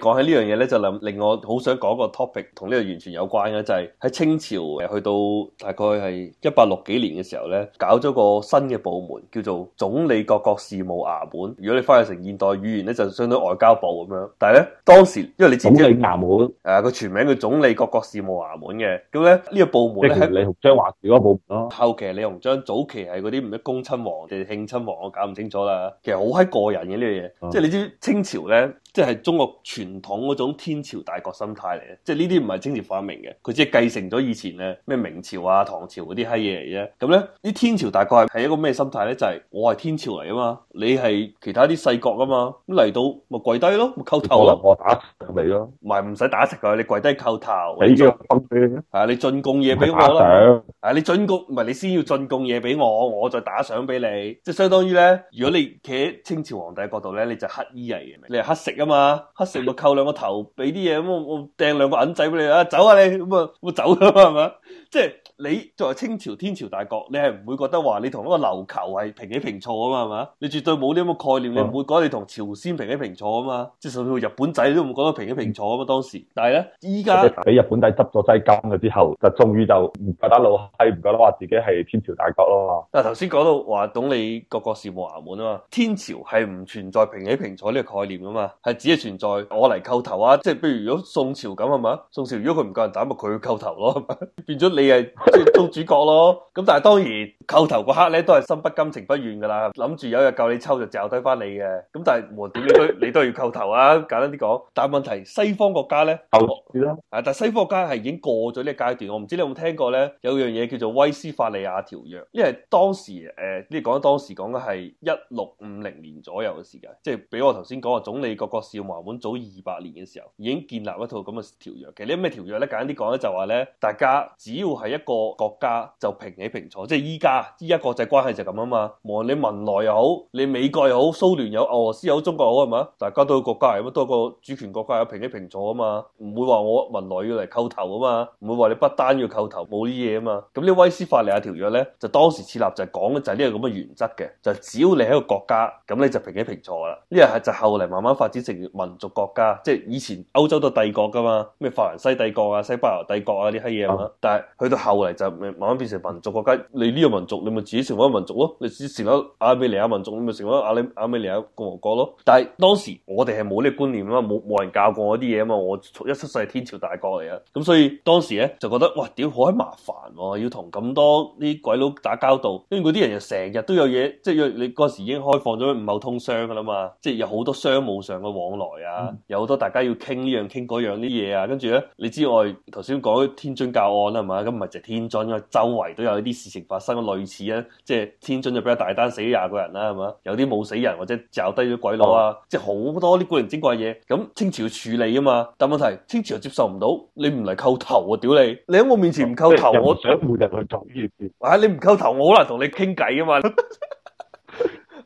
講起呢樣嘢咧，就令令我好想講個 topic 同呢個完全有關嘅，就係、是、喺清朝去到大概係一八六幾年嘅時候咧，搞咗個新嘅部門叫做總理各國事務衙門。如果你翻譯成現代語言咧，就相當於外交部咁樣。但係咧當時，因為你知唔知總理衙門？誒，個全名叫總理各國事務衙門嘅。咁咧呢、這個部門咧係李鴻章話事嗰個部門咯。後期李鴻章早期係嗰啲唔乜恭親王定慶親王，我搞唔清楚啦。其實好閪個人嘅呢樣嘢，嗯、即係你知清朝咧。即係中國傳統嗰種天朝大國心態嚟嘅，即係呢啲唔係清朝發明嘅，佢只係繼承咗以前咧咩明朝啊唐朝嗰啲閪嘢嚟啫。咁咧啲天朝大國係一個咩心態咧？就係、是、我係天朝嚟啊嘛，你係其他啲細國啊嘛。咁嚟到咪跪低咯，咪叩頭咯，我打賞你咯，唔係唔使打賞佢，你跪低叩頭俾個封俾你啊，你進貢嘢俾我啦，啊你進貢唔係你先要進貢嘢俾我，我再打賞俾你，即係相當於咧，如果你企喺清朝皇帝角度咧，你就乞衣嚟嘅。你係乞食。噶嘛，黑社會扣兩個頭，俾啲嘢，咁，我我掟兩個銀仔俾你啊，走啊你，咁啊，我走噶嘛，係嘛？即係你作為清朝天朝大國，你係唔會覺得話你同一個琉球係平起平坐啊嘛？係嘛？你絕對冇呢個概念，你唔是的 會覺得你同朝鮮平起平坐啊嘛？即係甚至日本仔都唔覺得平起平坐啊嘛？當時，但係咧，依家俾日本仔執咗隻監嘅之後，就終於就唔覺得老細唔覺得話自己係天朝大國咯嘛？嗱，頭先講到話總理各國事務衙門啊嘛，天朝係唔存在平起平坐呢個概念噶嘛？只係存在，我嚟叩頭啊！即係，譬如如果宋朝咁係嘛，宋朝如果佢唔夠人打，咪佢去叩頭、啊、主主咯，變咗你係即係做主角咯。咁但係當然叩頭嗰刻咧，都係心不甘情不願噶啦，諗住有日夠你抽就嚼低翻你嘅。咁但係，你都你都要叩頭啊！簡單啲講，但係問題西方國家咧，扣啦我。但係西方國家係已經過咗呢個階段，我唔知你有冇聽過咧，有樣嘢叫做《威斯法利亞條約》。因為當時誒、呃，你講當時講嘅係一六五零年左右嘅時間，即係俾我頭先講個總理各國《少華文》早二百年嘅時候，已經建立一套咁嘅條約。其實啲咩條約咧？簡單啲講咧，就話、是、咧，大家只要係一個國家，就平起平坐。即係依家依家國際關係就咁啊嘛。無論你文萊又好，你美國又好，蘇聯又好，俄羅斯又好，中國又好，係嘛？大家都個國家，有多個主權國家，有平起平坐啊嘛。唔會話我文萊要嚟叩頭啊嘛，唔會話你不單要叩頭，冇呢嘢啊嘛。咁呢《威斯法利亞條約》咧，就當時設立就講就係呢個咁嘅原則嘅，就是、只要你係一個國家，咁你就平起平坐啦。呢個係就後嚟慢慢發展。民族國家，即係以前歐洲都帝國噶嘛，咩法蘭西帝國啊、西班牙帝國啊啲閪嘢啊嘛。但係去到後嚟就慢慢變成民族國家，你呢個民族你咪自己成為一民族咯，你自己成為阿美尼亞民族，你咪成為阿美阿美尼亞共和國咯。但係當時我哋係冇呢個觀念啊嘛，冇冇人教過我啲嘢啊嘛，我一出世係天朝大國嚟啊，咁所以當時咧就覺得哇屌好閪麻煩喎、啊，要同咁多啲鬼佬打交道，因住跟住嗰啲人又成日都有嘢，即係你嗰時已經開放咗五口通商㗎啦嘛，即係有好多商務上嘅。往來啊，有好多大家要傾呢樣傾嗰樣啲嘢啊，跟住咧，你知我頭先講天津教案啦，係嘛，咁唔係就天津啊，因為周圍都有一啲事情發生，類似啊，即係天津就比較大單死廿個人啦，啊，係嘛，有啲冇死人或者抓低咗鬼佬啊，嗯、即係好多啲古靈精怪嘢，咁清朝要處理啊嘛，但問題清朝接受唔到，你唔嚟叩頭啊，屌你，你喺我面前唔叩，啊、叩頭，我想換人去做呢件事，啊，你唔叩頭，我好難同你傾偈啊嘛。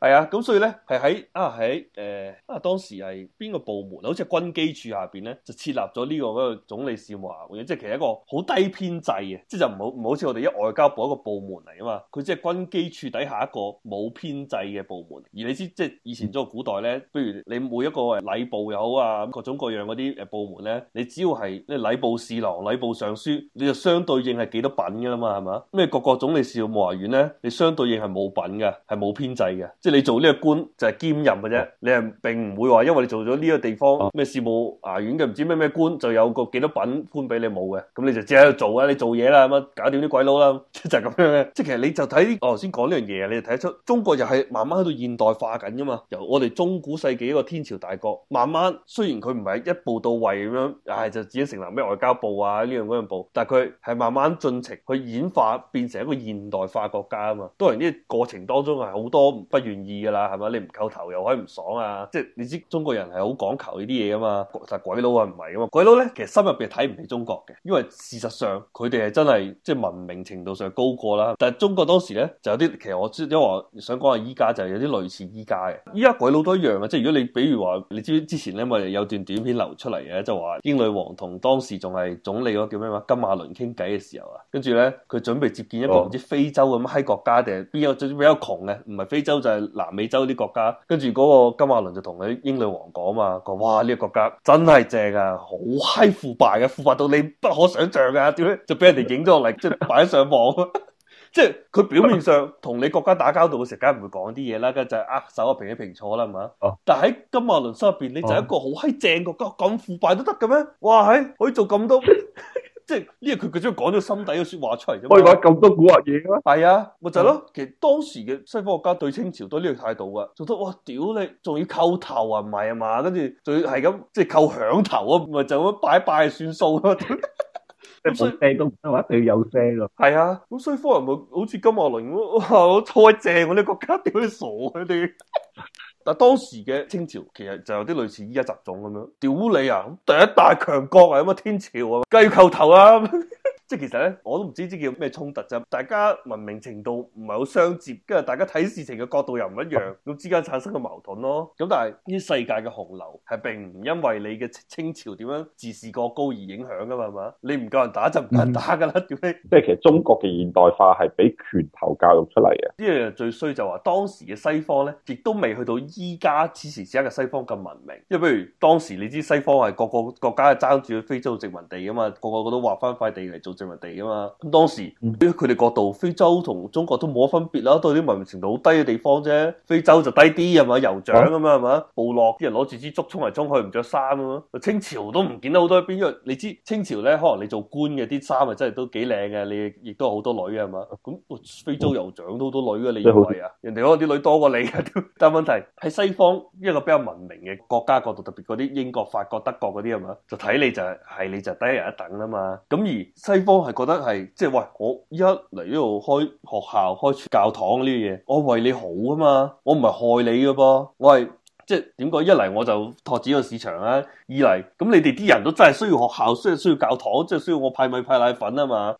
係啊，咁所以咧，係喺啊喺誒啊，當時係邊個部門？好似係軍機處下邊咧，就設立咗呢、這個嗰、那個總理事務衙門，即係其實一個好低編制嘅，即係就唔好唔好似我哋一外交部一個部門嚟啊嘛，佢即係軍機處底下一個冇編制嘅部門。而你知即係以前即係古代咧，譬如你每一個誒禮部又好啊，各種各樣嗰啲誒部門咧，你只要係呢禮部侍郎、禮部尚書，你就相對應係幾多品噶啦嘛，係嘛？咩各個總理事務衙門咧，你相對應係冇品嘅，係冇編制嘅，即係。你做呢個官就係兼任嘅啫，你係並唔會話因為你做咗呢個地方咩事務衙門嘅，唔、啊、知咩咩官就有個幾多品官俾你冇嘅，咁你就只喺度做啊，你做嘢啦咁啊，搞掂啲鬼佬啦，就咁、是、樣嘅。即係其實你就睇，我頭先講呢樣嘢，你就睇得出中國又係慢慢喺度現代化緊啫嘛。由我哋中古世紀一個天朝大國，慢慢雖然佢唔係一步到位咁樣，唉、哎，就自己成立咩外交部啊呢樣嗰樣部，但係佢係慢慢進程去演化變成一個現代化國家啊嘛。當然呢個過程當中係好多不如。意噶啦，係咪？你唔叩頭又可以唔爽啊！即係你知中國人係好講求呢啲嘢噶嘛？但係鬼佬呀唔係噶嘛？鬼佬咧，其實心入邊係睇唔起中國嘅，因為事實上佢哋係真係即係文明程度上高過啦。但係中國當時咧就有啲其實我因為我想講下依家就係有啲類似依家嘅，依家鬼佬都一樣嘅。即係如果你比如話你知唔知之前咧我哋有段短片流出嚟嘅，就話、是、英女王同當時仲係總理嗰個叫咩話金馬倫傾偈嘅時候啊，跟住咧佢準備接見一個唔知非洲咁嗨國家定邊有比較窮嘅，唔係非洲就係、是。南美洲啲國家，跟住嗰個金馬倫就同佢英女王講嘛，講哇呢、呢個國家真係正啊，好閪腐敗嘅、啊，腐敗到你不可想像啊！點咧就俾人哋影咗落嚟，即係擺上網。 即係佢表面上同你國家打交道嘅時候，梗唔會講啲嘢啦，跟住就握手平一平啊，平起平坐啦，係嘛？但喺金馬倫心入邊，你就一個好閪正國家，咁腐敗都得嘅咩？哇嘿、哎，可以做咁多。 即係呢個佢佢將講咗心底嘅說話出嚟啫嘛，可以玩咁多古惑嘢噶嘛？係啊，咪就係、是、咯、啊。其實當時嘅西方國家對清朝都呢個態度啊，就覺得哇，屌你，仲要叩頭啊？唔係啊嘛，跟住仲要係咁，即係叩響頭啊？唔係就咁拜拜算數咯、啊。 你冇聲都唔好，一定要有聲噶。係啊，咁西方人咪好似金亞倫，哇，太正！我哋國家，屌你傻佢、啊、哋。 但當時嘅清朝其實就有啲類似依家集種咁樣，屌你啊，第一大強國啊，咁啊天朝啊，梗要叩頭、啊、啦。 即係其實咧，我都唔知呢啲叫咩衝突啫。大家文明程度唔係好相接，跟住大家睇事情嘅角度又唔一樣，咁之間產生嘅矛盾咯。咁但係呢啲世界嘅洪流係並唔因為你嘅清朝點樣自視過高而影響噶嘛？係嘛？你唔夠人打就唔夠人打㗎啦。點解、嗯？即係其實中國嘅現代化係俾拳頭教育出嚟嘅。呢樣最衰就話當時嘅西方咧，亦都未去到依家此時此刻嘅西方咁文明。因為譬如當時你知西方係個個國家爭住去非洲殖民地㗎嘛，個個都畫翻塊地嚟做。殖民地啊嘛，咁當時佢哋角度，非洲同中國都冇乜分別啦，都係啲文明程度好低嘅地方啫。非洲就低啲係嘛，酋長啊嘛係嘛，部落啲人攞住支竹衝嚟衝去，唔着衫啊嘛。清朝都唔見得好多邊約，因為你知清朝咧，可能你做官嘅啲衫啊，真係都幾靚嘅，你亦都好多女啊嘛。咁非洲酋長都好多女嘅，你以為啊？麼人哋嗰啲女多過你啊，但係問題喺西方一個比較文明嘅國家角度，特別嗰啲英國、法國、德國嗰啲係嘛，就睇你就係你就低人一等啊嘛。咁而西。我係覺得係，即係喂，我一嚟呢度開學校、開教堂呢啲嘢，我為你好啊嘛，我唔係害你㗎噃，我係即係點講，一嚟我就拓展個市場啊，二嚟咁你哋啲人都真係需要學校，需要需要教堂，即係需要我派米派奶粉啊嘛。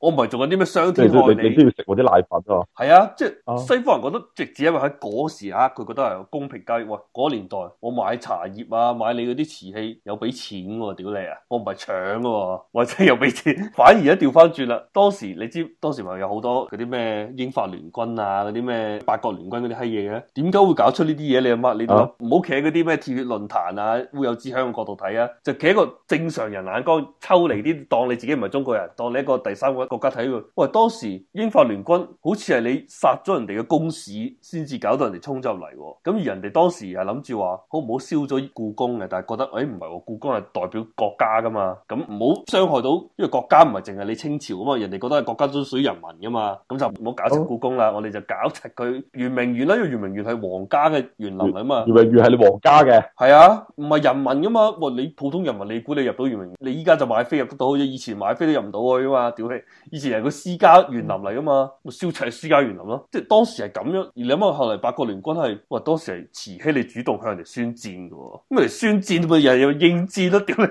我唔係做緊啲咩傷天害、啊、理？你都要食嗰啲奶粉啊？係啊，即係西方人覺得，直至因為喺嗰時啊，佢覺得係公平交易。喂，嗰年代我買茶葉啊，買你嗰啲瓷器有俾錢喎，屌你啊！我唔係搶嘅，我真係有俾錢。 反而一調翻轉啦，當時你知，當時咪有好多嗰啲咩英法聯軍啊，嗰啲咩八國聯軍嗰啲閪嘢嘅。點解會搞出呢啲嘢？你阿乜？你唔好企喺嗰啲咩鐵血論壇啊，會有志向嘅角度睇啊，就企喺個正常人眼光，抽離啲，當你自己唔係中國人，當你一個第三個。國家睇佢，喂，當時英法聯軍好似係你殺咗人哋嘅公使，先至搞到人哋衝咗入嚟。咁而人哋當時係諗住話，好唔好燒咗故宮嘅？但係覺得，誒、哎，唔係、哦，故宮係代表國家噶嘛？咁唔好傷害到，因為國家唔係淨係你清朝啊嘛。人哋覺得係國家都屬於人民噶嘛，咁就唔好搞死故宮啦。嗯、我哋就搞齊佢圓明園啦。因為圓明園係皇家嘅園林嚟啊嘛，圓明園係你皇家嘅，係啊，唔係人民噶嘛。喂，你普通人民，你估你入到圓明園？你依家就買飛入得到，以前買飛都入唔到去啊嘛，屌你！以前係個私家園林嚟噶嘛，咪燒齊私家園林咯、啊，即係當時係咁樣。而你諗下後嚟八國聯軍係，哇，當時係慈禧你主動向人哋宣戰嘅，咁嚟宣戰，咪人又應戰咯？屌你，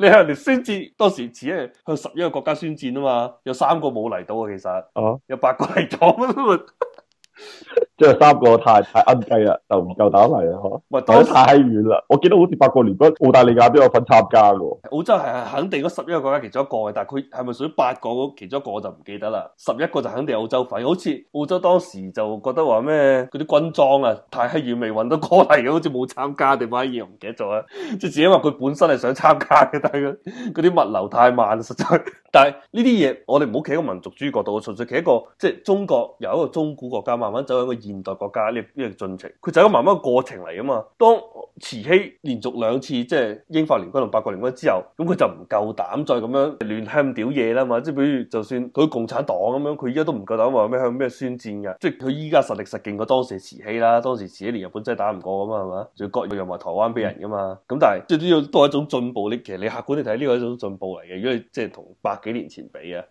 你向人哋宣戰，當時慈禧係向十一個國家宣戰啊嘛，有三個冇嚟到啊，其實，有八個嚟咗乜都即係三個太太奀雞啦，就唔夠打嚟。啊 時！吓，喂，都太遠啦。我見到好似八國聯軍，澳大利亞都有份參加噶。澳洲係肯定嗰十一個國家其中一個嘅，但係佢係咪屬於八個其中一個我就唔記得啦。十一個就肯定澳洲份，好似澳洲當時就覺得話咩，佢啲軍裝啊太遠未運到過嚟，嘅，好似冇參加定乜嘢，唔記得咗啦。即係只因為佢本身係想參加嘅，但係嗰啲物流太慢，實際。但係呢啲嘢我哋唔好企喺個民族主義角度，純粹企喺個即係、就是、中國有一個中古國家嘛。慢慢走向一個現代國家呢呢、這個進程，佢就係一個慢慢嘅過程嚟啊嘛。當慈禧連續兩次即係英法聯軍同八國聯軍之後，咁佢就唔夠膽再咁樣亂向屌嘢啦嘛。即係比如就算佢共產黨咁樣，佢依家都唔夠膽話咩向咩宣戰嘅。即係佢依家實力實勁過當時慈禧啦。當時慈禧連日本真係打唔過噶嘛，係嘛？仲割讓埋台灣俾人噶嘛。咁但係即係都要都係一種進步。你其實你客觀你睇呢個係一種進步嚟嘅，如果即係同百幾年前比啊。